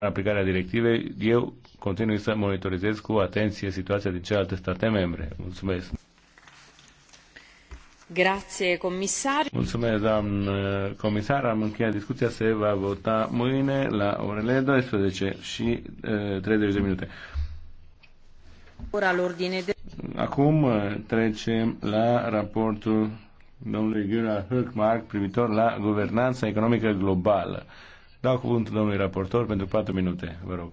aplicarea directivei, eu continui să monitorizez cu atenție situația din celelalte state membre. Mulțumesc! Grazie, comisar. Mulțumesc, doamnă comisar. Am încheiat discuția. Se va vota mâine la orele 12 și e, 30 de minute. Ora l'ordine de... Acum trecem la raportul domnului Gura Hökmark privitor la guvernanța economică globală. Dau cuvântul domnului raportor pentru 4 minute, vă rog.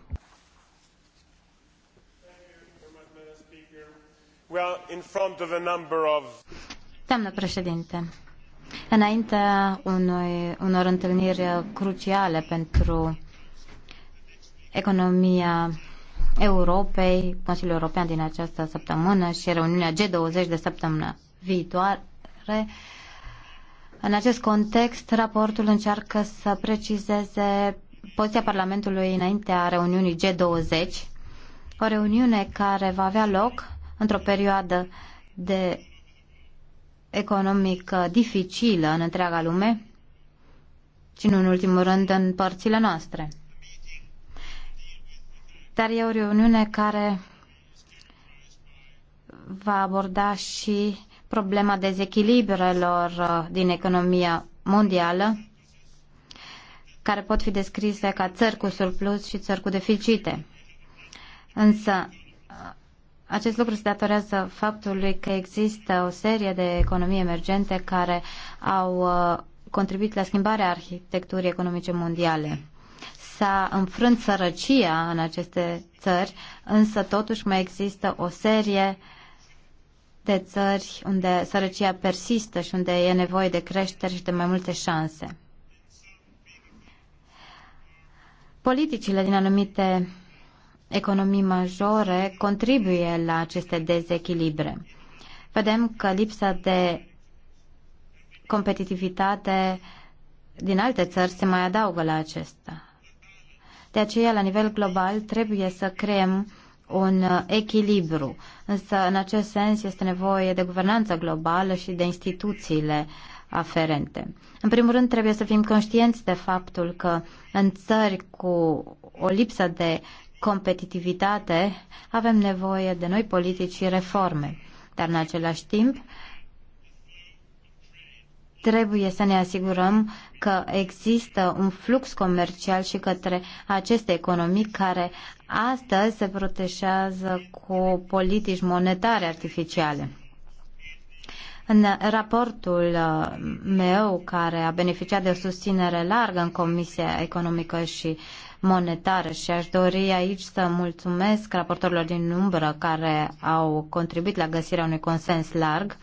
Doamnă președinte, înaintea unui, unor întâlniri cruciale pentru economia Europei, Consiliul European din această săptămână și reuniunea G20 de săptămână viitoare, în acest context, raportul încearcă să precizeze poziția Parlamentului înaintea reuniunii G20, o reuniune care va avea loc într-o perioadă de economică dificilă în întreaga lume și, nu în ultimul rând, în părțile noastre. Dar e o reuniune care va aborda și problema dezechilibrelor uh, din economia mondială, care pot fi descrise ca țări cu surplus și țări cu deficite. Însă, uh, acest lucru se datorează faptului că există o serie de economii emergente care au uh, contribuit la schimbarea arhitecturii economice mondiale. S-a înfrânt sărăcia în aceste țări, însă totuși mai există o serie uh, de țări unde sărăcia persistă și unde e nevoie de creștere și de mai multe șanse. Politicile din anumite economii majore contribuie la aceste dezechilibre. Vedem că lipsa de competitivitate din alte țări se mai adaugă la acesta. De aceea, la nivel global, trebuie să creăm un uh, echilibru. Însă, în acest sens, este nevoie de guvernanță globală și de instituțiile aferente. În primul rând, trebuie să fim conștienți de faptul că în țări cu o lipsă de competitivitate avem nevoie de noi politici și reforme. Dar, în același timp, Trebuie să ne asigurăm că există un flux comercial și către aceste economii care astăzi se protejează cu politici monetare artificiale. În raportul uh, meu, care a beneficiat de o susținere largă în Comisia Economică și Monetară și aș dori aici să mulțumesc raportorilor din umbră care au contribuit la găsirea unui consens larg,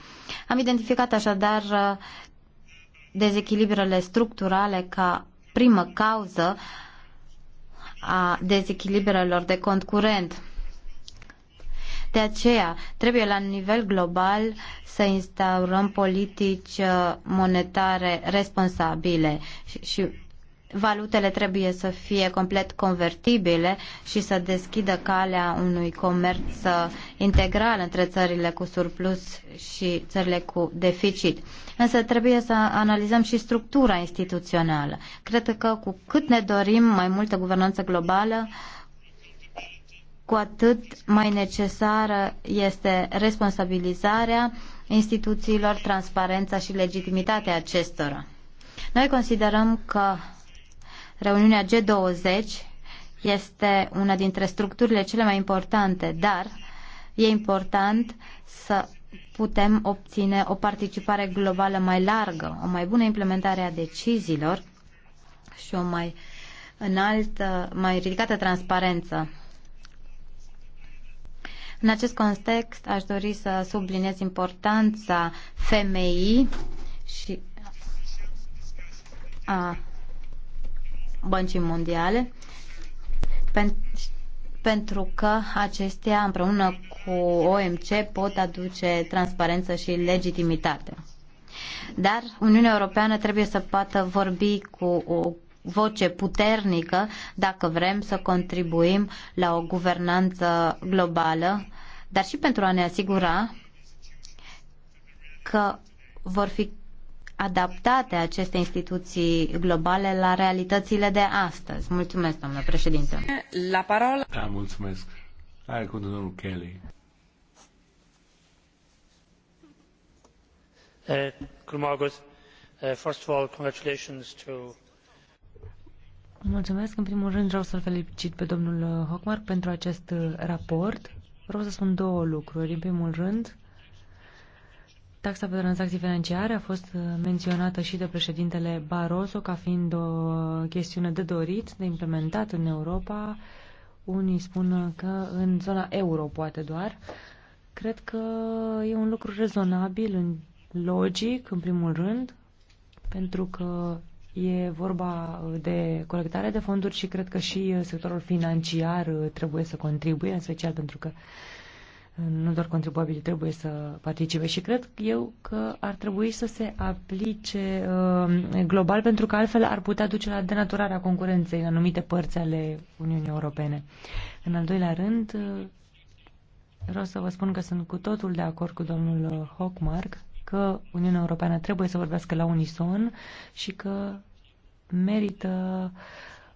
am identificat așadar uh, dezechilibrele structurale ca primă cauză a dezechilibrelor de cont curent. De aceea, trebuie la nivel global să instaurăm politici uh, monetare responsabile și, și valutele trebuie să fie complet convertibile și să deschidă calea unui comerț integral între țările cu surplus și țările cu deficit. Însă trebuie să analizăm și structura instituțională. Cred că cu cât ne dorim mai multă guvernanță globală, cu atât mai necesară este responsabilizarea instituțiilor, transparența și legitimitatea acestora. Noi considerăm că Reuniunea G20 este una dintre structurile cele mai importante, dar e important să putem obține o participare globală mai largă, o mai bună implementare a deciziilor și o mai înaltă, mai ridicată transparență. În acest context aș dori să subliniez importanța femeii și a Băncii Mondiale, pentru că acestea împreună cu OMC pot aduce transparență și legitimitate. Dar Uniunea Europeană trebuie să poată vorbi cu o voce puternică dacă vrem să contribuim la o guvernanță globală, dar și pentru a ne asigura că vor fi adaptate aceste instituții globale la realitățile de astăzi. Mulțumesc, domnule președinte. La parola. Da, mulțumesc. Hai cu domnul Kelly. Eh, eh, first of all, congratulations to Mulțumesc. În primul rând vreau să-l felicit pe domnul Hockmark pentru acest raport. Vreau să spun două lucruri. În primul rând, Taxa pe tranzacții financiare a fost uh, menționată și de președintele Barroso ca fiind o chestiune de dorit, de implementat în Europa. Unii spun că în zona euro poate doar. Cred că e un lucru rezonabil, logic, în primul rând, pentru că e vorba uh, de colectare de fonduri și cred că și uh, sectorul financiar trebuie să contribuie, în special pentru că nu doar contribuabilii trebuie să participe și cred eu că ar trebui să se aplice uh, global pentru că altfel ar putea duce la denaturarea concurenței în anumite părți ale Uniunii Europene. În al doilea rând, uh, vreau să vă spun că sunt cu totul de acord cu domnul Hockmark că Uniunea Europeană trebuie să vorbească la unison și că merită uh,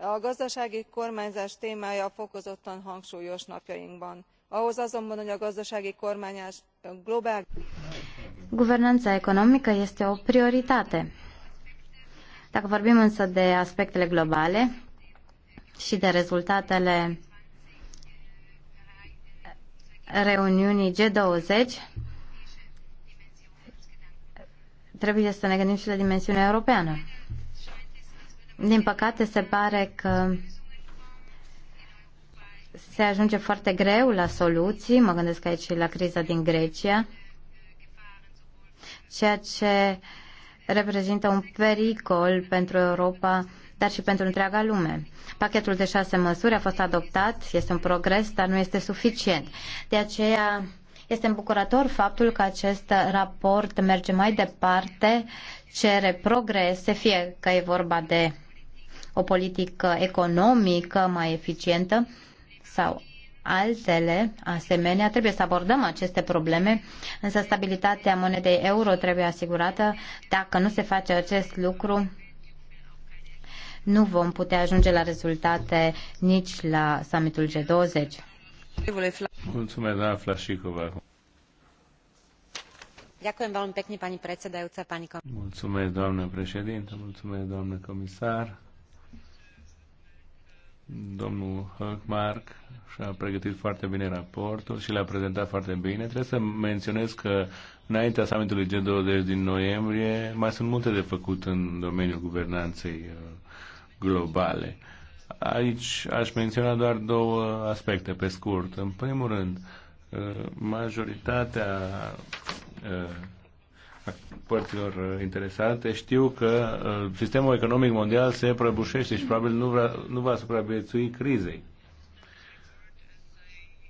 a gazdasági kormányzás témája fokozottan hangsúlyos napjainkban. ahhoz azonban hogy a gazdasági kormányzás globális. guvernanța economică este o prioritate. dacă vorbim însă de aspectele globale și de rezultatele reuniunii G20, trebuie să ne gândim și la dimensiunea europeană. Din păcate, se pare că se ajunge foarte greu la soluții, mă gândesc aici la criza din Grecia, ceea ce reprezintă un pericol pentru Europa, dar și pentru întreaga lume. Pachetul de șase măsuri a fost adoptat, este un progres, dar nu este suficient. De aceea este îmbucurător faptul că acest raport merge mai departe, cere progrese, fie că e vorba de o politică economică mai eficientă sau altele asemenea. Trebuie să abordăm aceste probleme, însă stabilitatea monedei euro trebuie asigurată. Dacă nu se face acest lucru, nu vom putea ajunge la rezultate nici la summitul G20. Mulțumesc, doamna Flașicova. Mulțumesc, doamnă președintă, mulțumesc, doamnă comisar. Domnul Höckmark și-a pregătit foarte bine raportul și l-a prezentat foarte bine. Trebuie să menționez că înaintea summitului G20 din noiembrie mai sunt multe de făcut în domeniul guvernanței uh, globale. Aici aș menționa doar două aspecte pe scurt. În primul rând, uh, majoritatea uh, părților uh, interesate. Știu că uh, sistemul economic mondial se prăbușește și probabil nu, vrea, nu va supraviețui crizei.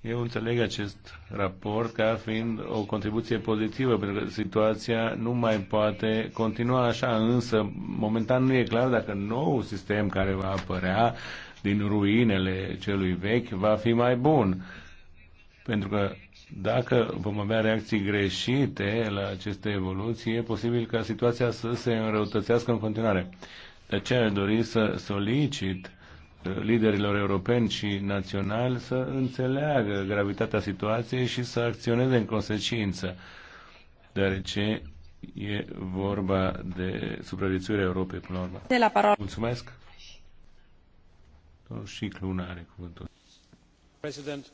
Eu înțeleg acest raport ca fiind o contribuție pozitivă, pentru că situația nu mai poate continua așa, însă momentan nu e clar dacă nou sistem care va apărea din ruinele celui vechi va fi mai bun. Pentru că dacă vom avea reacții greșite la aceste evoluții, e posibil ca situația să se înrăutățească în continuare. De aceea aș dori să solicit uh, liderilor europeni și naționali să înțeleagă gravitatea situației și să acționeze în consecință, deoarece e vorba de supraviețuirea Europei până la urmă. De la parol. Mulțumesc. Și Șicluna are cuvântul. President.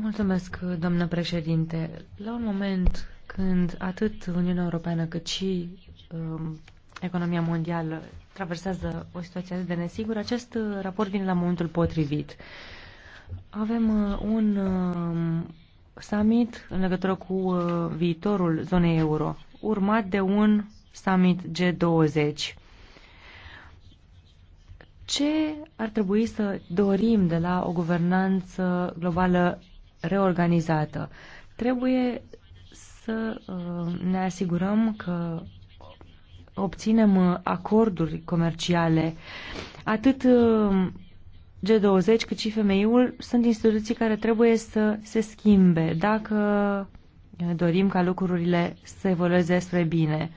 Mulțumesc, doamnă președinte. La un moment când atât Uniunea Europeană cât și um, economia mondială traversează o situație de nesigură, acest uh, raport vine la momentul potrivit. Avem uh, un um, summit în legătură cu uh, viitorul zonei euro, urmat de un summit G20. Ce ar trebui să dorim de la o guvernanță globală reorganizată. Trebuie să uh, ne asigurăm că obținem uh, acorduri comerciale. Atât uh, G20 cât și femeiul sunt instituții care trebuie să se schimbe dacă dorim ca lucrurile să evolueze spre bine.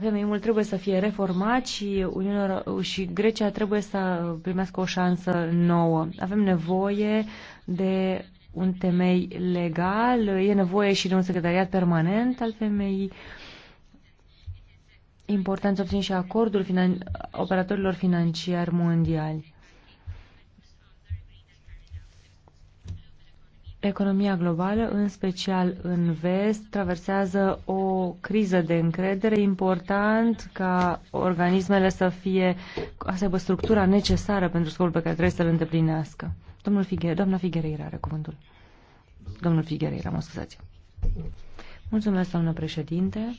Femeiul trebuie să fie reformat și, Uniunea, și Grecia trebuie să primească o șansă nouă. Avem nevoie de un temei legal, e nevoie și de un secretariat permanent al femeii. Important să obțin și acordul finan- operatorilor financiari mondiali. Economia globală, în special în vest, traversează o criză de încredere. Important ca organismele să fie, să aibă structura necesară pentru scopul pe care trebuie să-l îndeplinească. Domnul Fighe, doamna Figueireira are cuvântul. Domnul Figueireira, mă scuzați. Mulțumesc, doamnă președinte.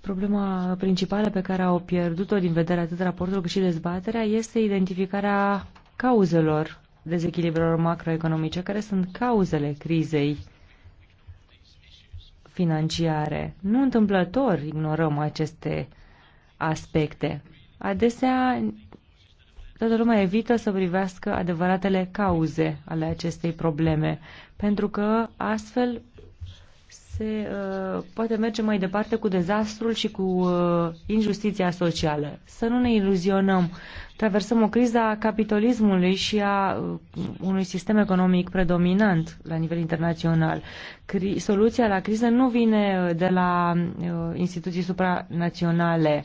Problema principală pe care au pierdut-o din vedere atât raportul cât și dezbaterea este identificarea cauzelor dezechilibrelor macroeconomice, care sunt cauzele crizei financiare. Nu întâmplător ignorăm aceste aspecte. Adesea, toată lumea evită să privească adevăratele cauze ale acestei probleme, pentru că astfel se uh, poate merge mai departe cu dezastrul și cu uh, injustiția socială. Să nu ne iluzionăm. Traversăm o criză a capitalismului și a uh, unui sistem economic predominant la nivel internațional. Cri- soluția la criză nu vine uh, de la uh, instituții supranaționale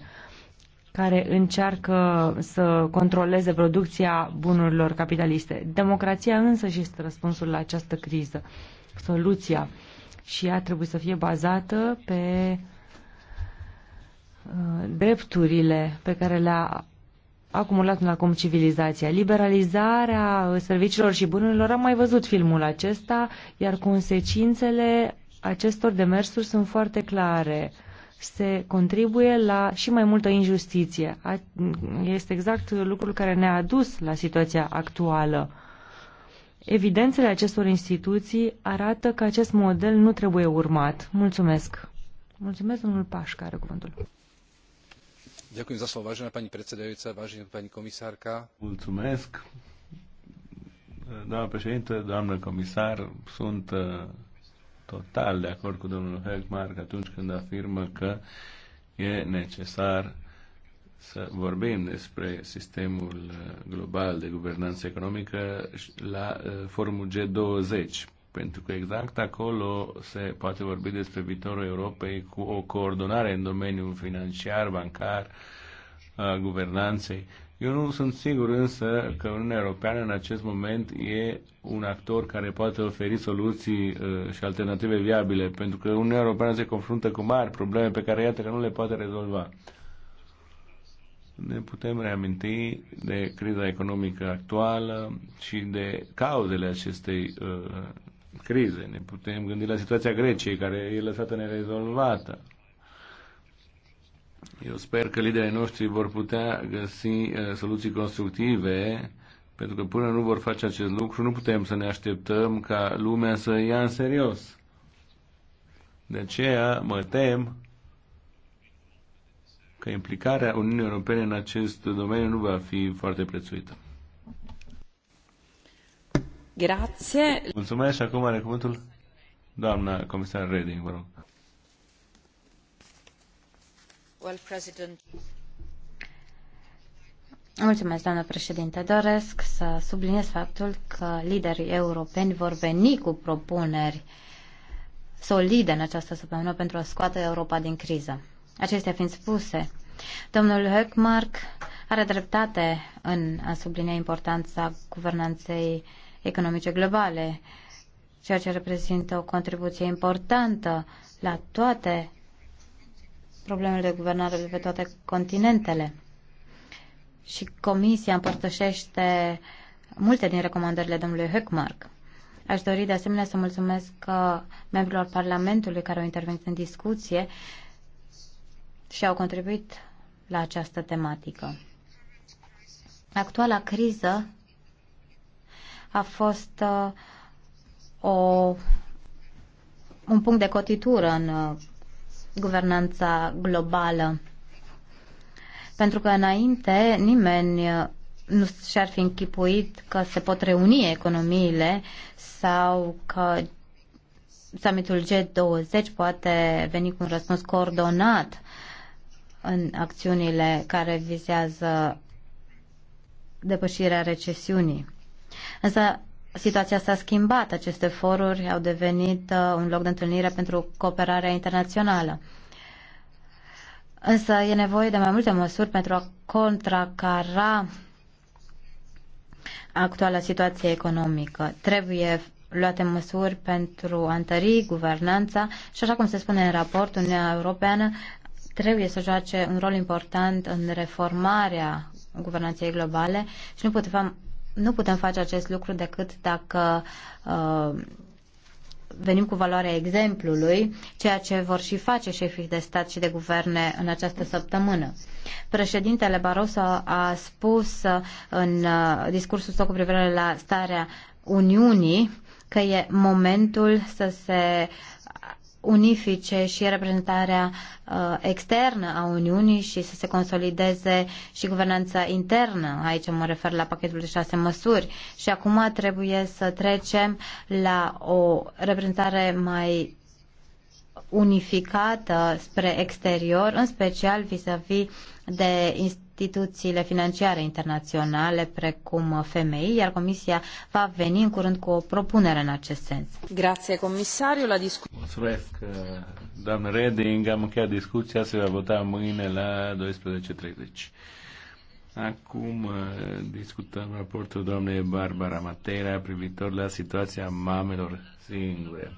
care încearcă să controleze producția bunurilor capitaliste. Democrația însă și este răspunsul la această criză. Soluția. Uh, și ea trebuie să fie bazată pe uh, drepturile pe care le-a acumulat până acum civilizația. Liberalizarea serviciilor și bunurilor, am mai văzut filmul acesta, iar consecințele acestor demersuri sunt foarte clare. Se contribuie la și mai multă injustiție. Este exact lucrul care ne-a adus la situația actuală. Evidențele acestor instituții arată că acest model nu trebuie urmat. Mulțumesc. Mulțumesc, domnul Pașca, are cuvântul. Ďakujem za slovo, vážená pani predsedajúca, vážená pani komisárka. Mulțumesc. Doamna președinte, doamnă comisar, sunt uh, total de acord cu domnul Hegmark atunci când afirmă că e necesar să vorbim despre sistemul uh, global de guvernanță economică la uh, forumul G20, pentru că exact acolo se poate vorbi despre viitorul Europei cu o coordonare în domeniul financiar, bancar, a guvernanței. Eu nu sunt sigur însă că Uniunea Europeană în acest moment e un actor care poate oferi soluții uh, și alternative viabile, pentru că Uniunea Europeană se confruntă cu mari probleme pe care iată că nu le poate rezolva ne putem reaminti de criza economică actuală și de cauzele acestei uh, crize. Ne putem gândi la situația Greciei, care e lăsată nerezolvată. Eu sper că liderii noștri vor putea găsi uh, soluții constructive, pentru că până nu vor face acest lucru, nu putem să ne așteptăm ca lumea să ia în serios. De aceea mă tem că implicarea Uniunii Europene în acest domeniu nu va fi foarte prețuită. Grazie. Mulțumesc și acum are cuvântul doamna comisar Reding, vă rog. Well, President. Mulțumesc, doamnă președinte. Doresc să subliniez faptul că liderii europeni vor veni cu propuneri solide în această săptămână pentru a scoate Europa din criză. Acestea fiind spuse, domnul Höckmark are dreptate în a sublinia importanța guvernanței economice globale, ceea ce reprezintă o contribuție importantă la toate problemele de guvernare de pe toate continentele. Și Comisia împărtășește multe din recomandările domnului Höckmark. Aș dori de asemenea să mulțumesc uh, membrilor Parlamentului care au intervenit în discuție și au contribuit la această tematică. Actuala criză a fost uh, o, un punct de cotitură în uh, guvernanța globală. Pentru că înainte nimeni uh, nu și-ar fi închipuit că se pot reuni economiile sau că summitul G20 poate veni cu un răspuns coordonat în acțiunile care vizează depășirea recesiunii. Însă situația s-a schimbat. Aceste foruri au devenit uh, un loc de întâlnire pentru cooperarea internațională. Însă e nevoie de mai multe măsuri pentru a contracara actuala situație economică. Trebuie luate măsuri pentru a întări guvernanța și, așa cum se spune în raport, Uniunea Europeană trebuie să joace un rol important în reformarea guvernanței globale și nu putem, nu putem face acest lucru decât dacă uh, venim cu valoarea exemplului, ceea ce vor și face șefii de stat și de guverne în această săptămână. Președintele Barroso a spus în uh, discursul său cu privire la starea Uniunii că e momentul să se uh, unifice și reprezentarea uh, externă a Uniunii și să se consolideze și guvernanța internă. Aici mă refer la pachetul de șase măsuri. Și acum trebuie să trecem la o reprezentare mai unificată spre exterior, în special vis-a-vis -vis de instituțiile financiare internaționale, precum FMI, iar Comisia va veni în curând cu o propunere în acest sens. Grație, comisariu, la discuție. Mulțumesc, doamnă Reding. Am încheiat discuția, se va vota mâine la 12.30. Acum uh, discutăm raportul doamnei Barbara Matera privitor la situația mamelor singure.